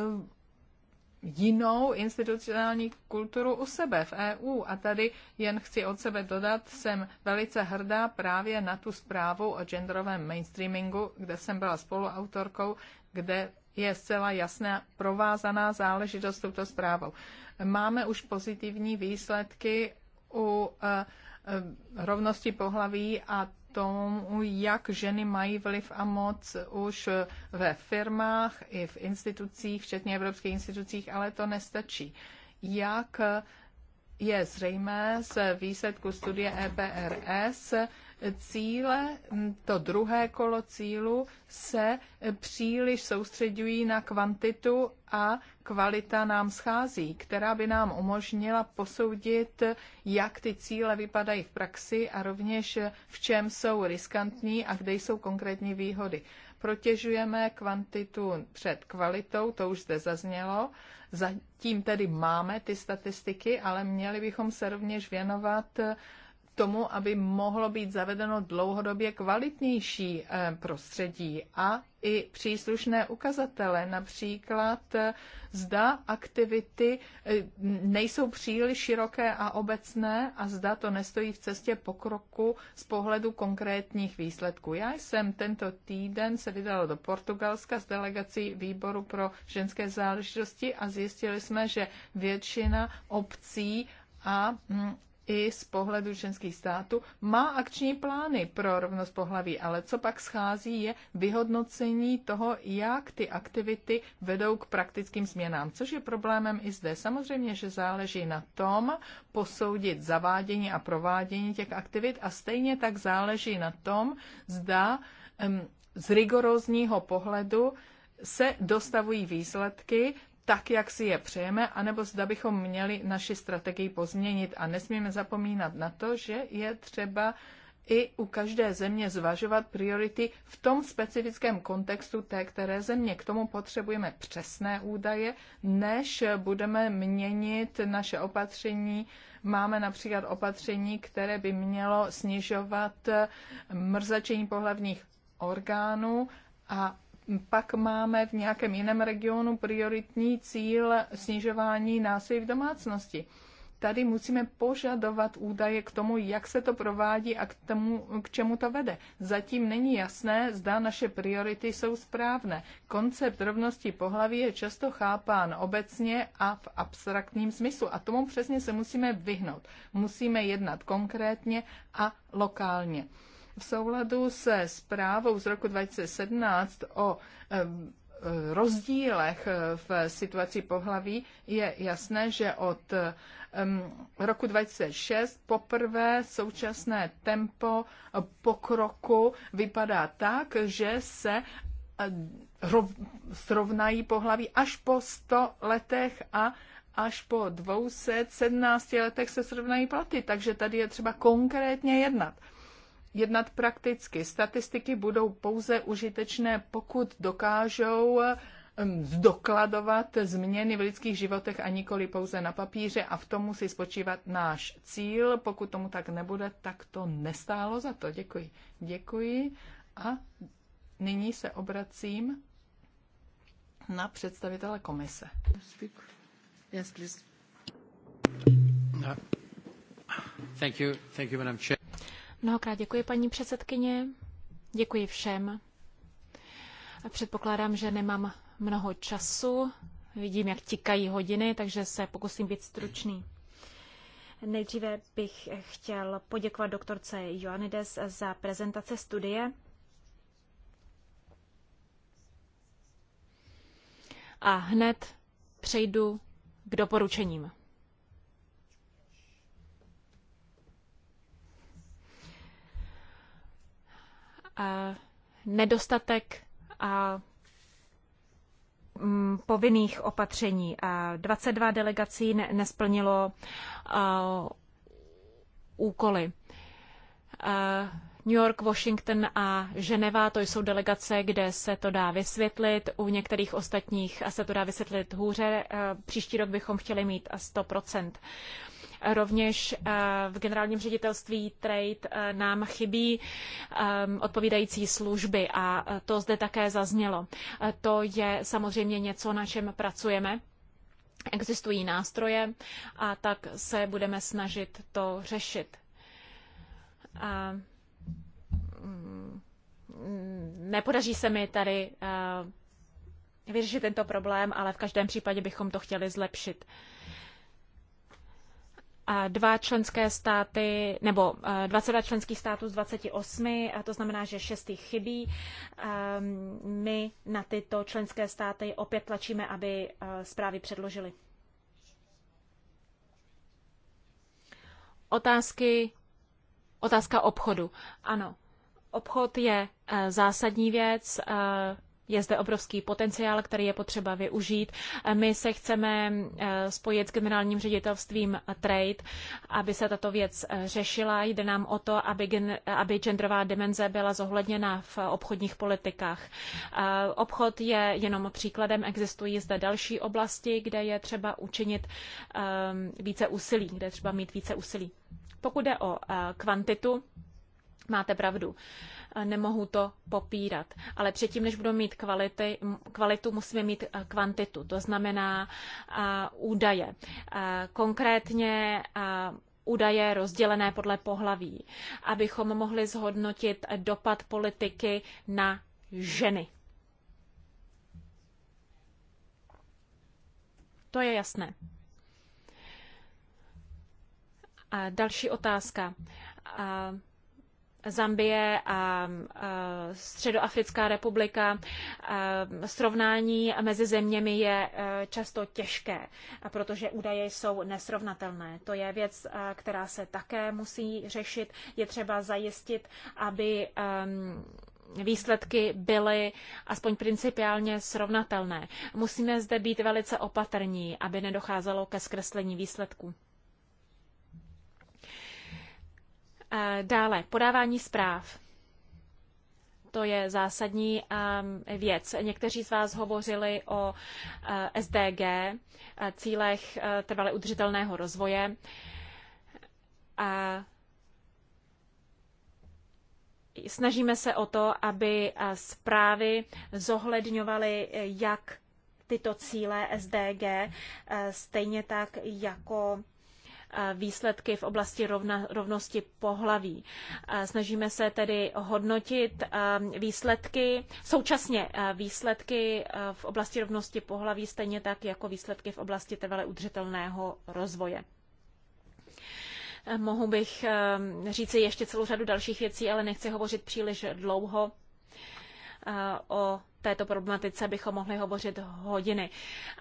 jinou institucionální kulturu u sebe v EU. A tady jen chci od sebe dodat, jsem velice hrdá právě na tu zprávu o genderovém mainstreamingu, kde jsem byla spoluautorkou, kde je zcela jasná provázaná záležitost s touto zprávou. Máme už pozitivní výsledky u eh, eh, rovnosti pohlaví a tomu, jak ženy mají vliv a moc už ve firmách i v institucích, včetně evropských institucích, ale to nestačí. Jak je zřejmé z výsledku studie EPRS, cíle, to druhé kolo cílu, se příliš soustředují na kvantitu a kvalita nám schází, která by nám umožnila posoudit, jak ty cíle vypadají v praxi a rovněž v čem jsou riskantní a kde jsou konkrétní výhody. Protěžujeme kvantitu před kvalitou, to už zde zaznělo. Zatím tedy máme ty statistiky, ale měli bychom se rovněž věnovat tomu, aby mohlo být zavedeno dlouhodobě kvalitnější eh, prostředí a i příslušné ukazatele, například eh, zda aktivity eh, nejsou příliš široké a obecné a zda to nestojí v cestě pokroku z pohledu konkrétních výsledků. Já jsem tento týden se vydala do Portugalska s delegací výboru pro ženské záležitosti a zjistili jsme, že většina obcí a mm, i z pohledu ženských států má akční plány pro rovnost pohlaví, ale co pak schází je vyhodnocení toho, jak ty aktivity vedou k praktickým změnám, což je problémem i zde. Samozřejmě, že záleží na tom posoudit zavádění a provádění těch aktivit a stejně tak záleží na tom, zda z rigorózního pohledu se dostavují výsledky, tak, jak si je přejeme, anebo zda bychom měli naši strategii pozměnit. A nesmíme zapomínat na to, že je třeba i u každé země zvažovat priority v tom specifickém kontextu té které země. K tomu potřebujeme přesné údaje, než budeme měnit naše opatření. Máme například opatření, které by mělo snižovat mrzačení pohlavních orgánů a pak máme v nějakém jiném regionu prioritní cíl snižování násilí v domácnosti. Tady musíme požadovat údaje k tomu, jak se to provádí a k, tomu, k čemu to vede. Zatím není jasné, zda naše priority jsou správné. Koncept rovnosti pohlaví je často chápán obecně a v abstraktním smyslu. A tomu přesně se musíme vyhnout. Musíme jednat konkrétně a lokálně. V souladu se zprávou z roku 2017 o eh, eh, rozdílech eh, v situaci pohlaví je jasné, že od roku 2006 poprvé současné tempo pokroku vypadá tak, že se srovnají pohlaví až po 100 letech a až po 217 letech se srovnají platy. Takže tady je třeba konkrétně jednat jednat prakticky. Statistiky budou pouze užitečné, pokud dokážou zdokladovat změny v lidských životech a nikoli pouze na papíře a v tom musí spočívat náš cíl. Pokud tomu tak nebude, tak to nestálo za to. Děkuji. Děkuji a nyní se obracím na představitele komise. Thank you, thank you, Madam Chair. Mnohokrát děkuji, paní předsedkyně. Děkuji všem. A předpokládám, že nemám mnoho času. Vidím, jak tikají hodiny, takže se pokusím být stručný. Nejdříve bych chtěl poděkovat doktorce Joanides za prezentaci studie. A hned přejdu k doporučením. nedostatek a mm, povinných opatření. 22 delegací nesplnilo úkoly. New York, Washington a Ženeva, to jsou delegace, kde se to dá vysvětlit. U některých ostatních se to dá vysvětlit hůře. Příští rok bychom chtěli mít 100%. Rovněž eh, v generálním ředitelství Trade eh, nám chybí ehm, odpovídající služby a eh, to zde také zaznělo. To je samozřejmě něco, na čem pracujeme. Existují nástroje a tak se budeme snažit to řešit. A mm, nepodaří se mi tady vyřešit tento problém, ale v každém případě bychom to chtěli zlepšit dva členské státy, nebo 22 členských států z 28, a to znamená, že šestý chybí. Ehm, my na tyto členské státy opět tlačíme, aby e, zprávy předložili. Otázky, otázka obchodu. Ano, obchod je e, zásadní věc, e, je zde obrovský potenciál, který je potřeba využít. My se chceme eh, spojit s generálním ředitelstvím Trade, aby se tato věc eh, řešila. Jde nám o to, aby, gen, aby genderová dimenze byla zohledněna v obchodních politikách. Eh, obchod je jenom příkladem, existují zde další oblasti, kde je třeba učinit více úsilí, kde je třeba mít více úsilí. Pokud jde o kvantitu, máte pravdu nemohu to popírat. Ale předtím, než budeme mít kvality, kvalitu, musíme mít eh, kvantitu, to znamená eh, údaje. Eh, konkrétně údaje rozdělené podle pohlaví, abychom mohli zhodnotit dopad politiky na ženy. To je jasné. A další otázka. A Zambie a Středoafrická republika, srovnání mezi zeměmi je e, často těžké, protože údaje jsou nesrovnatelné. To je věc, e, která se také musí řešit. Je třeba zajistit, aby výsledky byly aspoň principiálně srovnatelné. Musíme zde být velice opatrní, aby nedocházelo ke zkreslení výsledků. Dále, podávání zpráv. To je zásadní um, věc. Někteří z vás hovořili o uh, SDG, uh, cílech uh, trvale udržitelného rozvoje. A snažíme se o to, aby zprávy zohledňovaly jak tyto cíle SDG, stejně tak jako výsledky v oblasti rovna, rovnosti pohlaví. Snažíme se tedy hodnotit výsledky, současně výsledky v oblasti rovnosti pohlaví, stejně tak jako výsledky v oblasti trvale udržitelného rozvoje. Mohu bych říci ještě celou řadu dalších věcí, ale nechci hovořit příliš dlouho. O této problematice bychom mohli hovořit hodiny,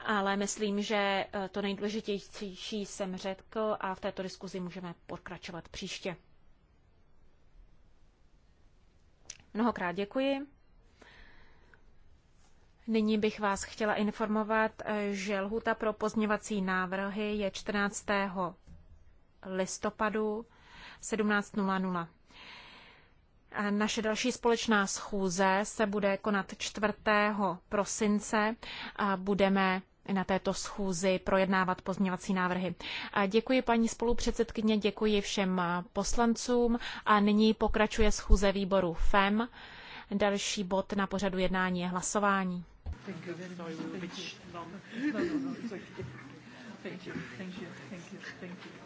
ale myslím, že e, to nejdůležitější jsem řekl a v této diskuzi můžeme pokračovat příště. Mnohokrát děkuji. Nyní bych vás chtěla informovat, e, že lhuta pro pozměvací návrhy je 14. listopadu 17.00. Naše další společná schůze se bude konat 4. prosince. Budeme na této schůzi projednávat pozměvací návrhy. Děkuji paní spolupředsedkyně, děkuji všem poslancům a nyní pokračuje schůze výboru FEM. Další bod na pořadu jednání je hlasování. Thank you. No, no, no, thank you. Thank you. Thank you.